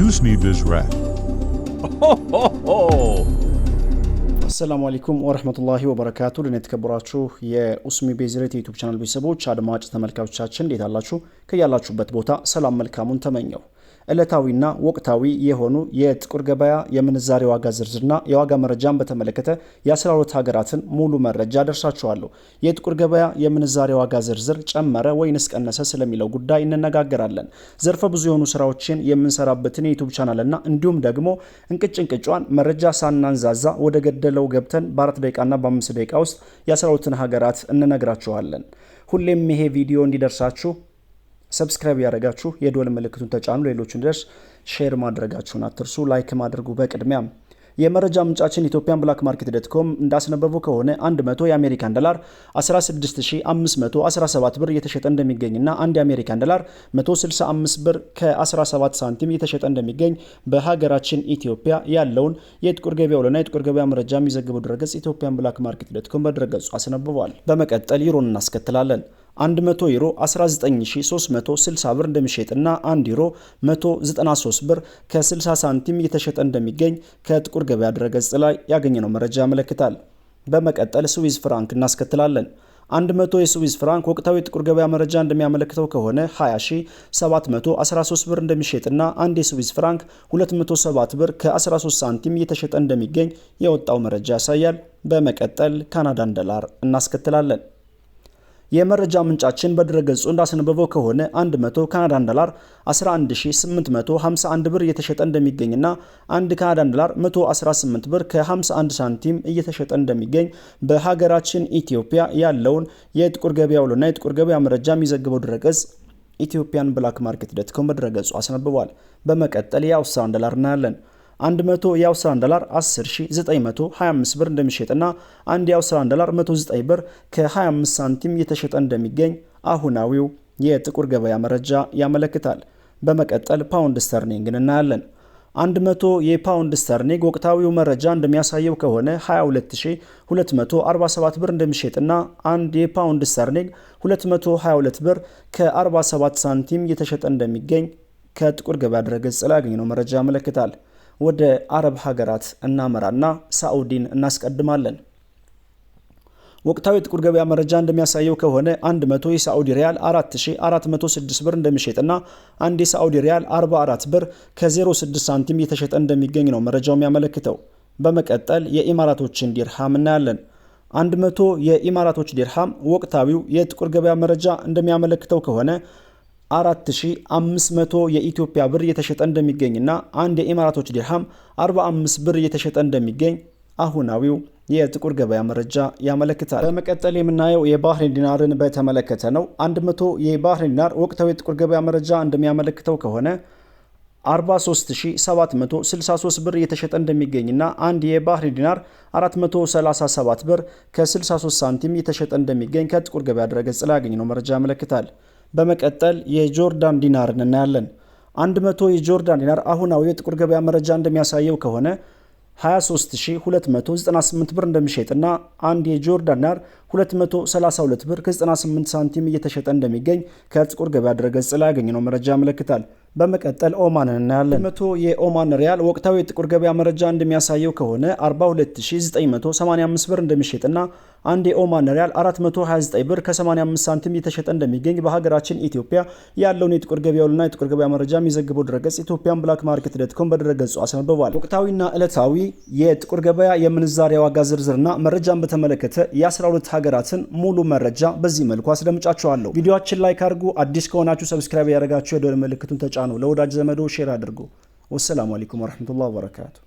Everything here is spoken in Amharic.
ዩስ ኒድ ዚስ ራት አሰላሙ አለይኩም ወረህመቱላሂ ወበረካቱ። ድን የተከበራችሁ የኡስሚ ቤዝሬት የዩቱብ ቻናል ቤተሰቦች አድማጭ ተመልካቾቻችን እንዴት አላችሁ? ከያላችሁበት ቦታ ሰላም መልካሙን ተመኘው። ዕለታዊና ወቅታዊ የሆኑ የጥቁር ገበያ የምንዛሬ ዋጋ ዝርዝርና የዋጋ መረጃን በተመለከተ የ ሀገራትን ሙሉ መረጃ ደርሳችኋለሁ። የጥቁር ገበያ የምንዛሬ ዋጋ ዝርዝር ጨመረ ወይንስ ቀነሰ ስለሚለው ጉዳይ እንነጋገራለን። ዘርፈ ብዙ የሆኑ ስራዎችን የምንሰራበትን የዩቱብ ቻናልና እንዲሁም ደግሞ እንቅጭ እንቅጯን መረጃ ሳናንዛዛ ወደ ገደለው ገብተን በአራት ደቂቃና በአምስት ደቂቃ ውስጥ የ ሀገራት እንነግራችኋለን። ሁሌም ይሄ ቪዲዮ እንዲደርሳችሁ ሰብስክራይብ ያደረጋችሁ የዶል ምልክቱን ተጫኑ። ሌሎቹ እንዲደርስ ሼር ማድረጋችሁን አትርሱ። ላይክ ማድርጉ። በቅድሚያ የመረጃ ምንጫችን ኢትዮጵያን ብላክ ማርኬት ዶት ኮም እንዳስነበቡ ከሆነ 100 የአሜሪካን ዶላር 16517 ብር እየተሸጠ እንደሚገኝና አንድ የአሜሪካን ዶላር 165 ብር ከ17 ሳንቲም እየተሸጠ እንደሚገኝ በሀገራችን ኢትዮጵያ ያለውን የጥቁር ገበያ ውሎና የጥቁር ገበያ መረጃ የሚዘግበው ድረገጽ ኢትዮጵያን ብላክ ማርኬት ዶት ኮም በድረገጹ አስነብቧል። በመቀጠል ዩሮን እናስከትላለን። 100 ዩሮ 19360 ብር እንደሚሸጥና 1 ዩሮ 193 ብር ከ60 ሳንቲም እየተሸጠ እንደሚገኝ ከጥቁር ገበያ ድረገጽ ላይ ያገኘነው መረጃ ያመለክታል። በመቀጠል ስዊዝ ፍራንክ እናስከትላለን። 100 የስዊዝ ፍራንክ ወቅታዊ ጥቁር ገበያ መረጃ እንደሚያመለክተው ከሆነ 20713 ብር እንደሚሸጥና 1 የስዊዝ ፍራንክ 207 ብር ከ13 ሳንቲም እየተሸጠ እንደሚገኝ የወጣው መረጃ ያሳያል። በመቀጠል ካናዳን ዶላር እናስከትላለን። የመረጃ ምንጫችን በድረገጹ እንዳስነበበው ከሆነ 100 ካናዳን ዶላር 11851 ብር እየተሸጠ እንደሚገኝና 1 ካናዳን ዶላር 118 ብር ከ51 ሳንቲም እየተሸጠ እንደሚገኝ በሀገራችን ኢትዮጵያ ያለውን የጥቁር ገበያ ውሎና የጥቁር ገበያ መረጃ የሚዘግበው ድረገጽ ኢትዮጵያን ብላክ ማርኬት ዶት ኮም በድረገጹ አስነብቧል። በመቀጠል የአውስትራን ዶላር እናያለን። 100 የአውስትራሊያን ዶላር 10925 ብር እንደሚሸጥና አንድ የአውስትራሊያን ዶላር 109 ብር ከ25 ሳንቲም እየተሸጠ እንደሚገኝ አሁናዊው የጥቁር ገበያ መረጃ ያመለክታል። በመቀጠል ፓውንድ ስተርሊንግን እናያለን። 100 የፓውንድ ስተርሊንግ ወቅታዊው መረጃ እንደሚያሳየው ከሆነ 22247 ብር እንደሚሸጥና 1 የፓውንድ ስተርሊንግ 222 ብር ከ47 ሳንቲም እየተሸጠ እንደሚገኝ ከጥቁር ገበያ ድረገጽ ላይ ያገኘነው መረጃ ያመለክታል። ወደ አረብ ሀገራት እናመራና ሳዑዲን እናስቀድማለን። ወቅታዊ የጥቁር ገበያ መረጃ እንደሚያሳየው ከሆነ 100 የሳዑዲ ሪያል 4406 ብር እንደሚሸጥና አንድ የሳዑዲ ሪያል 44 ብር ከ06 ሳንቲም የተሸጠ እንደሚገኝ ነው መረጃው የሚያመለክተው። በመቀጠል የኢማራቶችን ዲርሃም እናያለን። 100 የኢማራቶች ዲርሃም ወቅታዊው የጥቁር ገበያ መረጃ እንደሚያመለክተው ከሆነ 4500 የኢትዮጵያ ብር እየተሸጠ እንደሚገኝና አንድ የኢማራቶች ዲርሃም 45 ብር እየተሸጠ እንደሚገኝ አሁናዊው የጥቁር ገበያ መረጃ ያመለክታል። በመቀጠል የምናየው የባህሬን ዲናርን በተመለከተ ነው። 100 የባህሬን ዲናር ወቅታዊ የጥቁር ገበያ መረጃ እንደሚያመለክተው ከሆነ 43763 ብር እየተሸጠ እንደሚገኝና አንድ የባህሬን ዲናር 437 ብር ከ63 ሳንቲም እየተሸጠ እንደሚገኝ ከጥቁር ገበያ ድረገጽ ላይ ያገኘነው መረጃ ያመለክታል። በመቀጠል የጆርዳን ዲናርን እናያለን። 100 የጆርዳን ዲናር አሁናዊ የጥቁር ገበያ መረጃ እንደሚያሳየው ከሆነ 23298 ብር እንደሚሸጥና አንድ የጆርዳን ዲናር 232 ብር ከ98 ሳንቲም እየተሸጠ እንደሚገኝ ከጥቁር ገበያ ድረገጽ ላይ ያገኘነው መረጃ ያመለክታል። በመቀጠል ኦማንን እናያለን። 100 የኦማን ሪያል ወቅታዊ የጥቁር ገበያ መረጃ እንደሚያሳየው ከሆነ 42985 ብር እንደሚሸጥና አንድ የኦማን ሪያል 429 ብር ከ85 ሳንቲም እየተሸጠ እንደሚገኝ በሀገራችን ኢትዮጵያ ያለውን የጥቁር ገበያ ውልና የጥቁር ገበያ መረጃ የሚዘግበው ድረገጽ ኢትዮጵያን ብላክ ማርኬት ዶት ኮም በድረገጹ አስነብቧል። ወቅታዊና ዕለታዊ የጥቁር ገበያ የምንዛሬ ዋጋ ዝርዝርና መረጃን በተመለከተ የ12 ሀገራትን ሙሉ መረጃ በዚህ መልኩ አስደምጫችኋለሁ። ቪዲዮችን ላይክ አድርጉ። አዲስ ከሆናችሁ ሰብስክራይብ ያደረጋችሁ የደወል ምልክቱን ተጫኑ። ለወዳጅ ዘመዶ ሼር አድርጉ። ወሰላሙ አለይኩም ወረህመቱላህ ወበረካቱ።